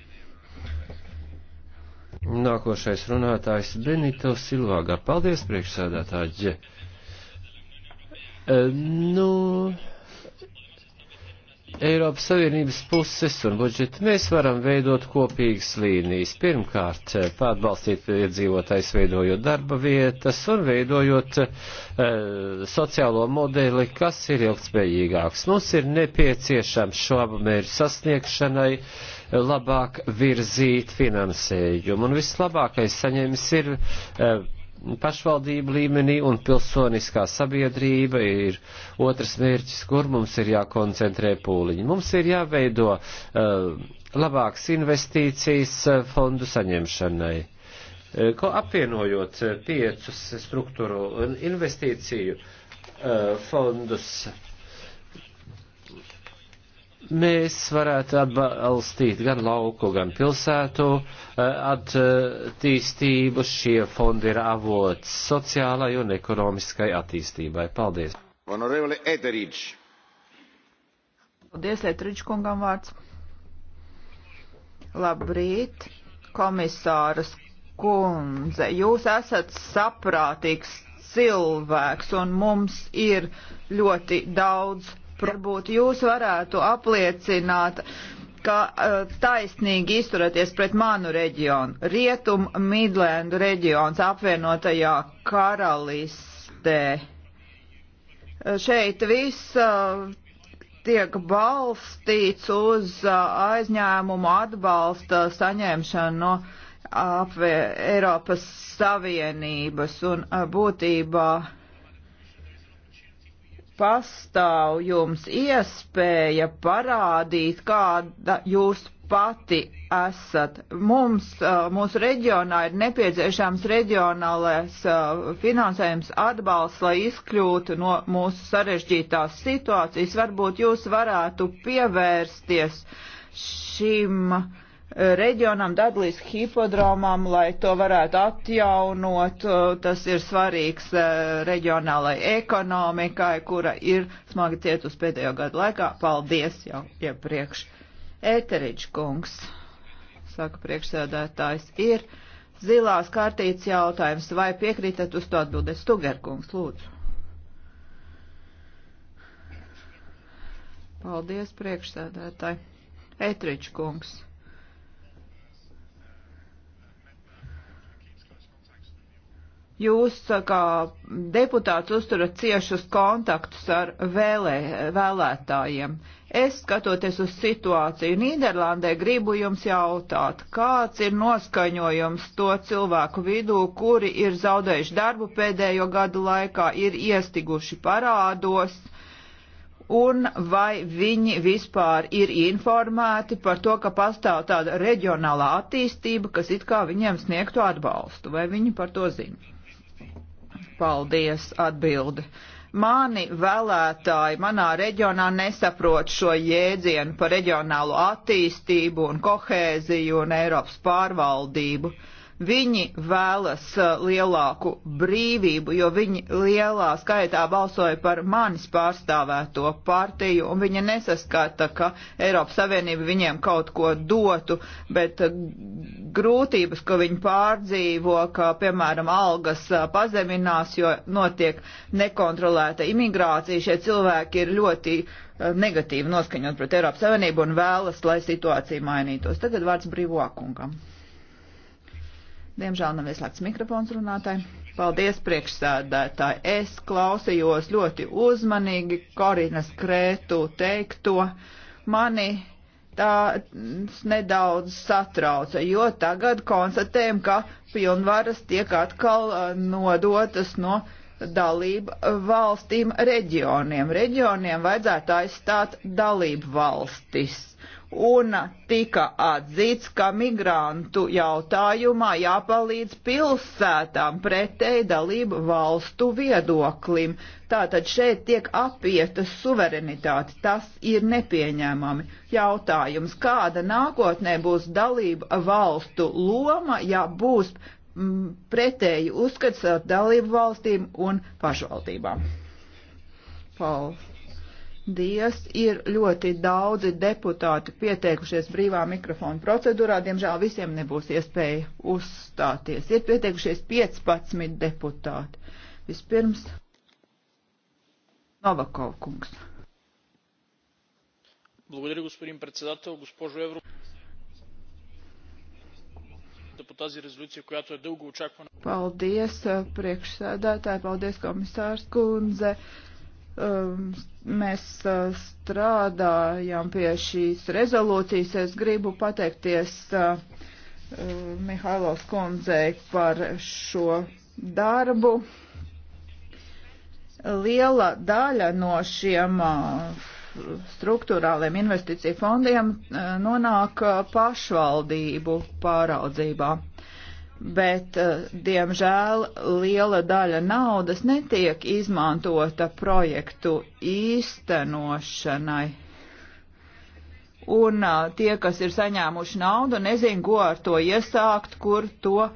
Nākošais runātājs Benito Silvāgā. Paldies, priekšsēdētāji! Eh, nu, Eiropas Savienības puses un budžeta mēs varam veidot kopīgas līnijas. Pirmkārt, eh, pārbalstīt iedzīvotājs veidojot darba vietas un veidojot e, sociālo modeli, kas ir ilgspējīgāks. Mums ir nepieciešams šo abu mērķu sasniegšanai eh, labāk virzīt finansējumu. Un vislabākais saņēmis ir e, pašvaldību līmenī un pilsoniskā sabiedrība ir otrs mērķis, kur mums ir jākoncentrē pūliņi. Mums ir jāveido uh, eh, labāks investīcijas eh, fondu saņemšanai. Uh, ko apvienojot piecus struktūru un investīciju uh, fondus mēs varētu atbalstīt gan lauku, gan pilsētu eh, attīstību. Šie fondi ir avots sociālai un ekonomiskai attīstībai. Paldies! Honorevole Eteriģ. Paldies, Eteriģ kungam vārds. Labrīt, komisāras kundze. Jūs esat saprātīgs cilvēks un mums ir ļoti daudz varbūt jūs varētu apliecināt, ka uh, taisnīgi izturaties pret manu reģionu. Rietum Midlendu reģions apvienotajā karalistē. Eh, šeit viss uh, tiek balstīts uz uh, aizņēmumu atbalsta saņemšanu no apvē Eiropas Savienības un būtībā pastāv jums iespēja parādīt, kāda jūs pati esat. Mums, uh, mūsu reģionā ir nepieciešams reģionālais uh, finansējums atbalsts, lai izkļūtu no mūsu sarežģītās situācijas. Varbūt jūs varētu pievērsties šim uh, reģionam, Dadlīs hipodromam, lai to varētu atjaunot. Uh, tas ir svarīgs uh, reģionālai ekonomikai, kura ir smagi cietusi pēdējo gadu laikā. Paldies jau iepriekš. Eteriģis kungs, saka priekšsēdētājs, ir zilās kārtīts jautājums. Vai piekrītat uz to atbildēt? Stugerkungs, lūdzu. Paldies, priekšsēdētāji. Etričkungs. kungs. jūs kā deputāts uzturat ciešus kontaktus ar vēlē, vēlētājiem. Es, skatoties uz situāciju Nīderlandē, gribu jums jautāt, kāds ir noskaņojums to cilvēku vidū, kuri ir zaudējuši darbu pēdējo gadu laikā, ir iestiguši parādos, un vai viņi vispār ir informēti par to, ka pastāv tāda reģionālā attīstība, kas it kā viņiem sniegtu atbalstu, vai viņi par to zina? Paldies, atbildi. Mani vēlētāji manā reģionā nesaprot šo jēdzienu par reģionālo attīstību un kohēziju un Eiropas pārvaldību. Uh, Viņi vēlas uh, lielāku brīvību, jo viņi lielā skaitā balsoja par manis pārstāvēto partiju, un viņi nesaskata, ka Eiropas Savienība viņiem kaut ko dotu, bet uh, grūtības, ko viņi pārdzīvo, ka, piemēram, algas uh, pazeminās, jo notiek nekontrolēta imigrācija, šie cilvēki ir ļoti negatīvi noskaņot pret Eiropas Savienību un vēlas, lai situācija mainītos. Tagad vārds brīvākungam. Diemžēl nav ieslēgts mikrofons runātāji. Paldies, priekšsēdētāji. Es klausījos ļoti uzmanīgi Korinas Krētu teikto. Mani tā nedaudz satrauca, jo tagad konstatējam, ka pilnvaras tiek atkal uh, nodotas no dalību valstīm reģioniem. Reģioniem vajadzētu aizstāt dalību valstis un tika atzīts, ka migrantu jautājumā jāpalīdz pilsētām pretēji dalību valstu viedoklim. Tātad šeit tiek apieta suverenitāte. Tas ir nepieņēmami. Jautājums, kāda nākotnē būs dalība valstu loma, ja būs mm, pretēji uzskats dalību valstīm un pašvaldībām? Paldies! Dievs ir ļoti daudzi deputāti pieteikušies brīvā mikrofona procedūrā. Diemžēl visiem nebūs iespēja uzstāties. Ir pieteikušies 15 deputāti. Vispirms Novakov kungs. Благодаря, господин председател. Госпожо Евро, по тази резолюция, която е дълго очаквана. Paldies, priekšsēdētāji, paldies, komisārs Kunze. Uh, Um, mēs uh, strādājam pie šīs rezolūcijas. Es gribu pateikties uh, uh, Mihailovs kundzei par šo darbu. Liela daļa no šiem struktūrāliem investīciju fondiem nonāk pašvaldību pāraudzībā bet, eh, diemžēl, liela daļa naudas netiek izmantota projektu īstenošanai. Un eh, tie, kas ir saņēmuši naudu, nezin, ko ar to iesākt, kur to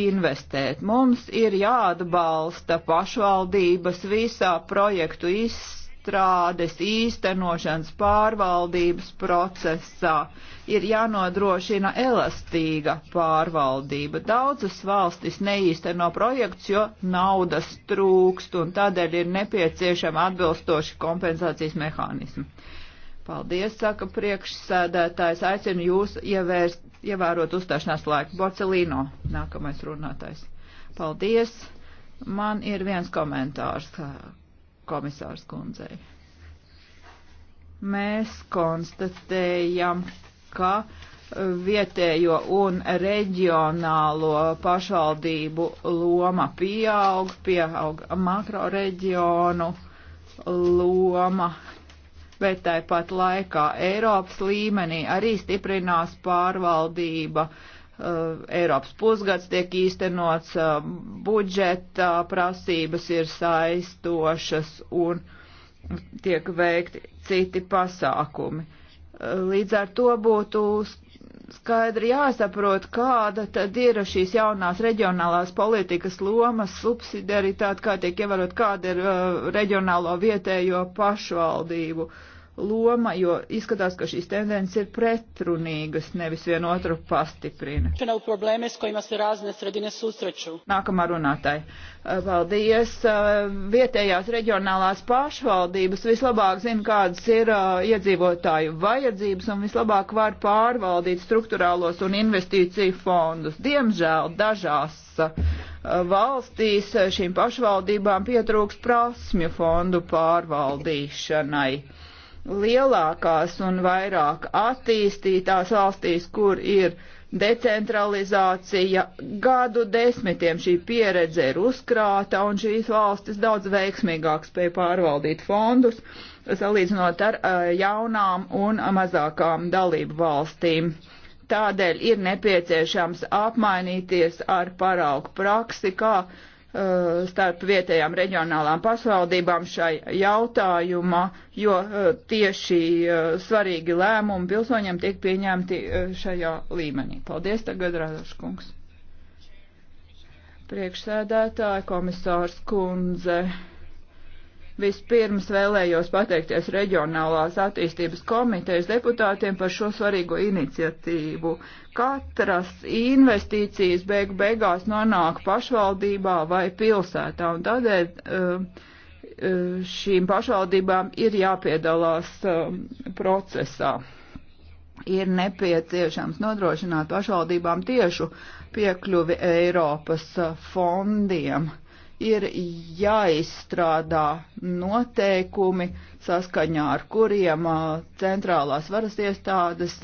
investēt. Mums ir jāatbalsta pašvaldības visā projektu izstenošanā izstrādes, īstenošanas, pārvaldības procesā ir jānodrošina elastīga pārvaldība. Daudzas valstis neīsteno projekts, jo naudas trūkst, un tādēļ ir nepieciešama atbilstoši kompensācijas mehānismi. Paldies, saka priekšsēdētājs. Aicinu jūs ievērst, ievērot uzstāšanās laiku. Borcelīno, nākamais runātājs. Paldies. Man ir viens komentārs, komisārs kundzei. Mēs konstatējam, ka vietējo un reģionālo pašvaldību loma pieaug, pieaug makroreģionu loma, bet tāpat laikā Eiropas līmenī arī stiprinās pārvaldība uh, Eh, Eiropas pusgads tiek īstenots, eh, budžeta prasības ir saistošas un tiek veikti citi pasākumi. Eh, līdz ar to būtu skaidri jāsaprot, kāda tad ir šīs jaunās reģionālās politikas lomas, subsidiaritāte, kā tiek ievarot, kāda ir reģionālo vietējo pašvaldību uh, loma, jo izskatās, ka šīs tendences ir pretrunīgas, nevis vien otru pastiprina. Nākamā runātāja. Eh, paldies. Eh, vietējās reģionālās pašvaldības vislabāk zina, kādas ir eh, iedzīvotāju vajadzības un vislabāk var pārvaldīt struktūrālos un investīciju fondus. Diemžēl dažās valstīs šīm pašvaldībām pietrūks prasmju fondu pārvaldīšanai lielākās un vairāk attīstītās valstīs, kur ir decentralizācija, gadu desmitiem šī pieredze ir uzkrāta un šīs valstis daudz veiksmīgāk spēja pārvaldīt fondus, salīdzinot ar jaunām un mazākām dalību valstīm. Tādēļ ir nepieciešams apmainīties ar paraugu praksi, kā Uh, starp vietējām reģionālām pašvaldībām šai jautājumā, jo uh, tieši uh, svarīgi lēmumi pilsoņiem tiek pieņemti šajā līmenī. Paldies, tagad Radoškungs. Priekšsēdētāja komisārs kundze. Vispirms vēlējos pateikties reģionālās attīstības komitejas deputātiem par šo svarīgo iniciatīvu. Katras investīcijas beigu beigās nonāk pašvaldībā vai pilsētā, un tādēļ uh, uh, šīm pašvaldībām ir jāpiedalās um, procesā. Ir nepieciešams nodrošināt pašvaldībām tiešu piekļuvi Eiropas uh, fondiem. Uh, ir jāizstrādā noteikumi, saskaņā ar kuriem centrālās varas iestādes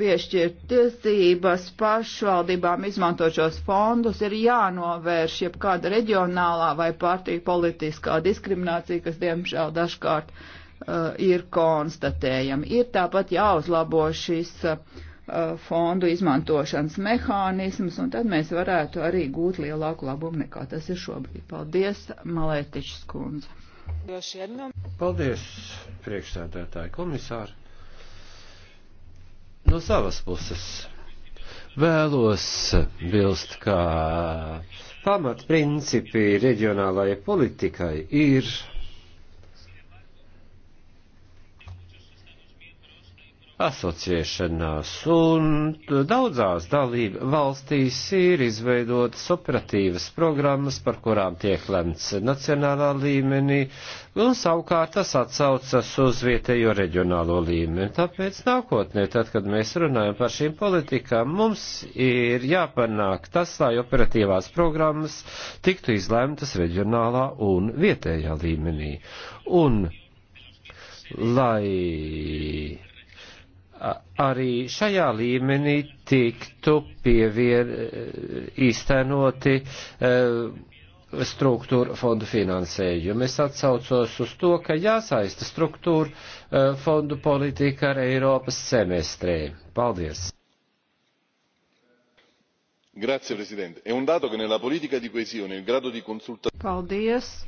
piešķir tiesības pašvaldībām izmantot šos fondus, ir jānovērš jebkāda reģionālā vai partiju politiskā diskriminācija, kas diemžēl dažkārt uh, ir konstatējama. Ir tāpat jāuzlabo šis uh, Uh, fondu izmantošanas mehānismus, un tad mēs varētu arī gūt lielāku labumu nekā tas ir šobrīd. Paldies, Malētišs kundze. Paldies, priekšsēdētāji komisāri. No savas puses vēlos bilst, ka pamatprincipi reģionālajai politikai ir asociēšanās, un daudzās dalība valstīs ir izveidotas operatīvas programmas, par kurām tiek lemts nacionālā līmenī, un savukārt tas atsaucas uz vietējo reģionālo līmeni. Tāpēc nākotnē, tad, kad mēs runājam par šīm politikām, mums ir jāpanāk tas, lai operatīvās programmas tiktu izlemtas reģionālā un vietējā līmenī. Un, lai arī šajā līmenī tiktu pievier, e, īstenoti e, struktūra fondu finansējumi. Es atsaucos uz to, ka jāsaista struktūra e, fondu politika ar Eiropas semestrē. Paldies! Grazie Presidente. È un dato che nella politica di coesione il grado di consultazione. Paldies.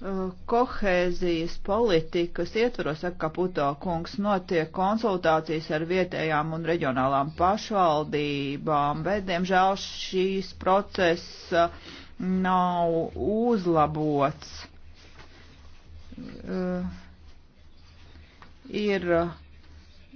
Uh, kohēzijas politikas ietvaros, saka Kaputo kungs, notiek konsultācijas ar vietējām un reģionālām pašvaldībām, bet, diemžēl, šīs procesa uh, nav uzlabots. Uh, ir uh,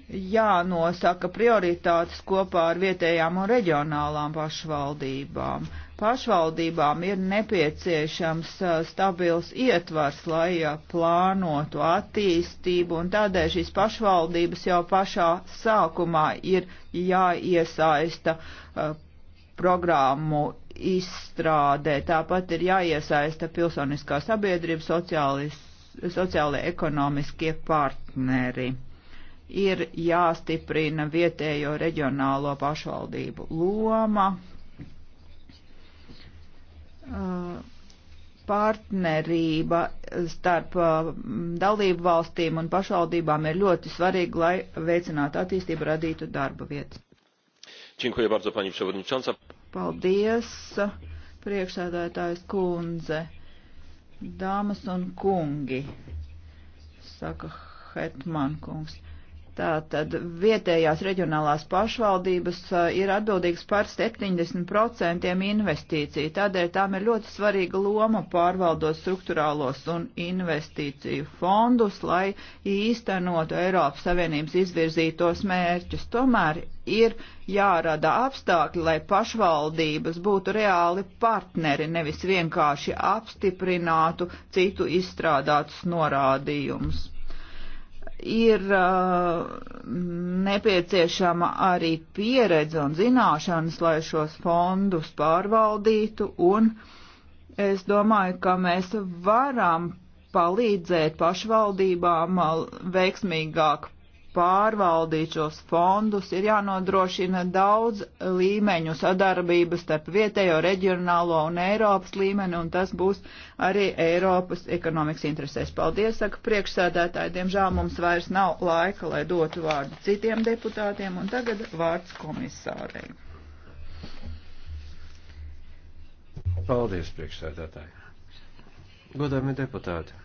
jānosaka prioritātes kopā ar vietējām un reģionālām pašvaldībām. Uh, pašvaldībām ir nepieciešams stabils ietvars, lai plānotu attīstību, un tādēļ šīs pašvaldības jau pašā sākumā ir jāiesaista programmu izstrādē. Tāpat ir jāiesaista pilsoniskā sabiedrība, sociālie ekonomiskie partneri ir jāstiprina vietējo reģionālo pašvaldību loma, Uh, partnerība starp uh, dalību valstīm un pašvaldībām ir ļoti svarīga, lai veicinātu attīstību, radītu darba vietas. Dziękuję bardzo, pani przewodnicząca. Paldies, priekšsēdētājs kundze, dāmas un kungi, saka Hetman kungs. Tātad vietējās reģionālās pašvaldības uh, ir atbildīgas par 70% investīciju, tādēļ tām ir ļoti svarīga loma pārvaldot struktūrālos un investīciju fondus, lai īstenotu Eiropas Savienības izvirzītos mērķus. Tomēr ir jārada apstākļi, lai pašvaldības būtu reāli partneri, nevis vienkārši apstiprinātu citu izstrādātus norādījumus ir uh, nepieciešama arī pieredze un zināšanas, lai šos fondus pārvaldītu, un es domāju, ka mēs varam palīdzēt pašvaldībām uh, veiksmīgāk pārvaldīt šos fondus, ir jānodrošina daudz līmeņu sadarbības starp vietējo, reģionālo un Eiropas līmeni, un tas būs arī Eiropas ekonomikas interesēs. Paldies, saka priekšsēdētāji, diemžēl mums vairs nav laika, lai dotu vārdu citiem deputātiem, un tagad vārds komisārei. Paldies, priekšsēdētāji. Godāmi deputāti.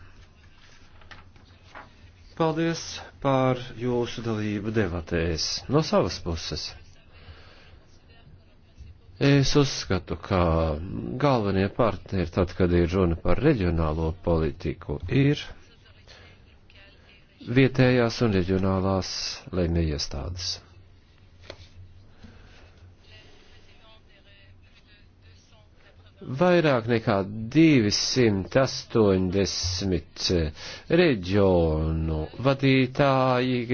Paldies par jūsu dalību debatēs no savas puses. Es uzskatu, ka galvenie partneri, tad, kad ir runa par reģionālo politiku, ir vietējās un reģionālās lēmējiestādes. vairāk nekā 280 eh, reģionu vadītāji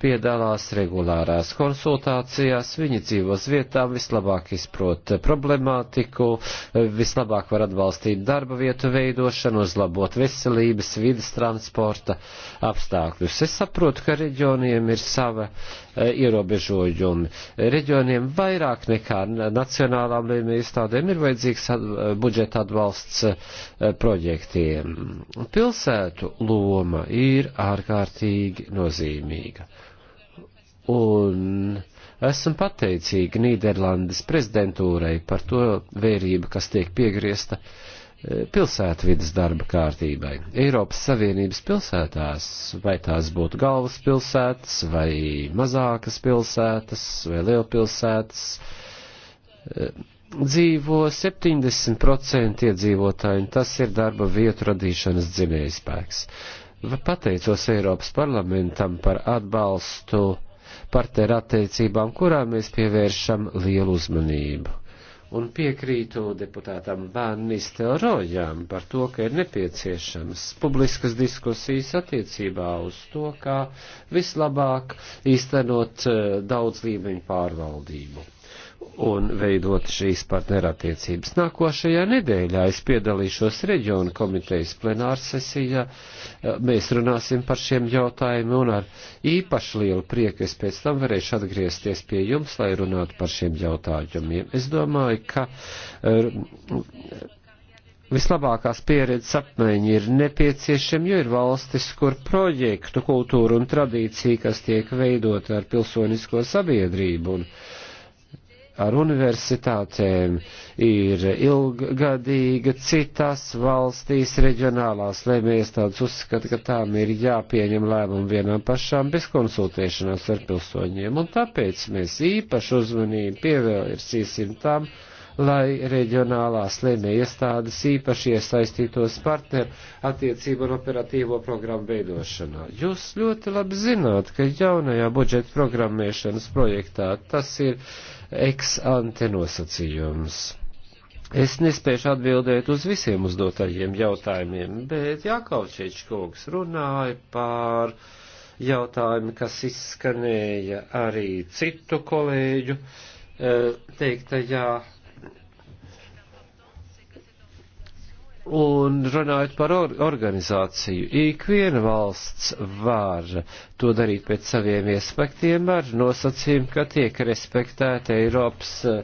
piedalās regulārās konsultācijās, viņi dzīvos vietām, vislabāk izprot problemātiku, eh, vislabāk var atbalstīt darba vietu veidošanu, uzlabot veselības, vidas transporta apstākļus. Es saprotu, ka reģioniem ir sava Eh, ierobežojumi. Reģioniem vairāk nekā nacionālām līmenī iestādēm ir vajadzīgs budžeta atbalsts eh, projektiem. Pilsētu loma ir ārkārtīgi nozīmīga. Un esam pateicīgi Nīderlandes prezidentūrai par to vērību, kas tiek piegriesta uh, pilsētvidas darba kārtībai. Eiropas Savienības pilsētās, vai tās būtu galvaspilsētas, vai mazākas pilsētas, vai lielpilsētas, eh, dzīvo 70% iedzīvotāji, un tas ir darba vietu radīšanas dzinējspēks. Pateicos Eiropas parlamentam par atbalstu partnerattiecībām, kurām mēs pievēršam lielu uzmanību un piekrītu deputātam Vānistē Rojām par to, ka ir nepieciešams publiskas diskusijas attiecībā uz to, kā vislabāk īstenot eh, daudz līmeņu pārvaldību un veidot šīs partnerattiecības. Nākošajā nedēļā es piedalīšos reģionu komitejas plenārsesijā. Mēs runāsim par šiem jautājumiem un ar īpaši lielu prieku es pēc tam varēšu atgriezties pie jums, lai runātu par šiem jautājumiem. Es domāju, ka er, Vislabākās pieredzes apmaiņa ir nepieciešama, jo ir valstis, kur projektu, kultūru un tradīciju, kas tiek veidota ar pilsonisko sabiedrību un uh, ar universitātēm ir ilggadīga, citas valstīs reģionālās lēmējas tādas uzskata, ka tām ir jāpieņem lēmumu vienām pašām bez konsultēšanās ar pilsoņiem, un tāpēc mēs īpašu uzmanību pievērsīsim tam, lai reģionālās lēmējas tādas īpaši iesaistītos partneru attiecību un operatīvo programmu veidošanā. Jūs ļoti labi zināt, ka jaunajā budžeta programmēšanas projektā tas ir ex ante nosacījums. Es nespēšu atbildēt uz visiem uzdotajiem jautājumiem, bet Jākaučiņš kungs runāja par jautājumu, kas izskanēja arī citu kolēģu eh, teiktajā Un runājot par or organizāciju, ikviena valsts var to darīt pēc saviem iespēktiem ar nosacījumu, ka tiek respektēta Eiropas eh,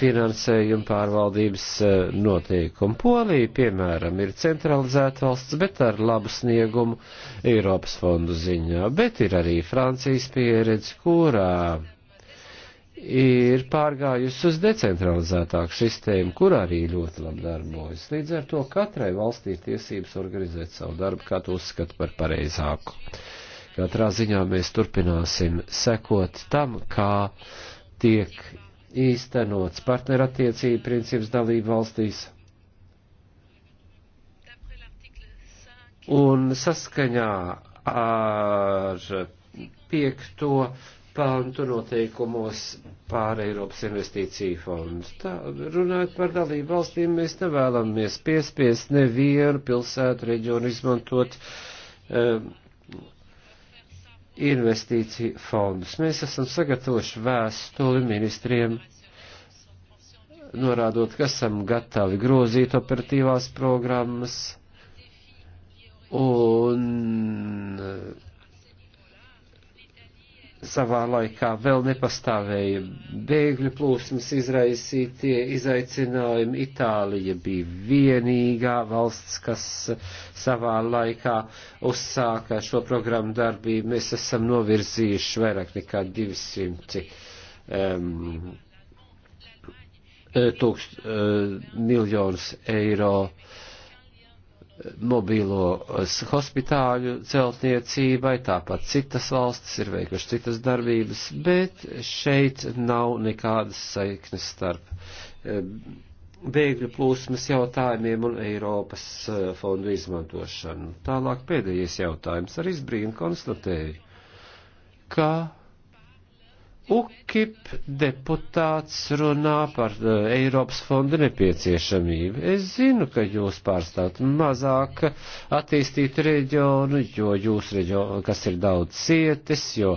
finansējuma pārvaldības eh, noteikumi. Polija, piemēram, ir centralizēta valsts, bet ar labu sniegumu Eiropas fondu ziņā, bet ir arī Francijas pieredze, kurā ir pārgājusi uz decentralizētāku sistēmu, kur arī ļoti labi darbojas. Līdz ar to katrai valstī ir tiesības organizēt savu darbu, kā to uzskata par pareizāku. Katrā ziņā mēs turpināsim sekot tam, kā tiek īstenots partnerattiecību princips dalību valstīs. Un saskaņā ar piekto pantu noteikumos pār Eiropas investīciju fondu. Tā, runājot par dalību valstīm, mēs nevēlamies piespiest nevienu pilsētu reģionu izmantot um, investīciju fondus. Mēs esam sagatavojuši vēstuli ministriem, norādot, ka esam gatavi grozīt operatīvās programmas savā laikā vēl nepastāvēja bēgļu plūsmas izraisītie izaicinājumi. Itālija bija vienīgā valsts, kas savā laikā uzsāka šo programmu darbību. Mēs esam novirzījuši vairāk nekā 200 um, tūkst, uh, miljonus eiro uh, mobīlo eh, hospitāļu celtniecībai, tāpat citas valstis ir veikuši citas darbības, bet šeit nav nekādas saiknes starp eh, bēgļu plūsmas jautājumiem un Eiropas eh, fondu izmantošanu. Tālāk pēdējais jautājums ar izbrīnu konstatēju, ka UKIP deputāts runā par e, Eiropas fonda nepieciešamību. Es zinu, ka jūs pārstāvat mazāk attīstītu reģionu, jo jūs reģionu, kas ir daudz cietis, jo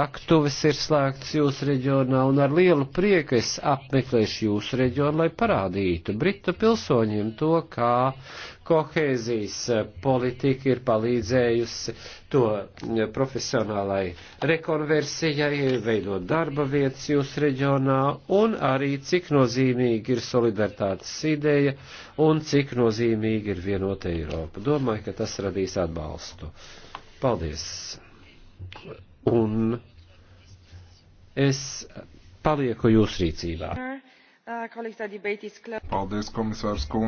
raktuves ir slēgtas jūsu reģionā, un ar lielu prieku es apmeklēšu jūsu reģionu, lai parādītu Britu pilsoņiem to, kā kohēzijas eh, politika ir palīdzējusi to eh, profesionālai rekonversijai, veidot darba vietas jūsu reģionā, un arī cik nozīmīgi ir solidaritātes ideja un cik nozīmīgi ir vienota Eiropa. Domāju, ka tas radīs atbalstu. Paldies! Un es palieku jūsu rīcībā. Paldies, komisārs Kungs.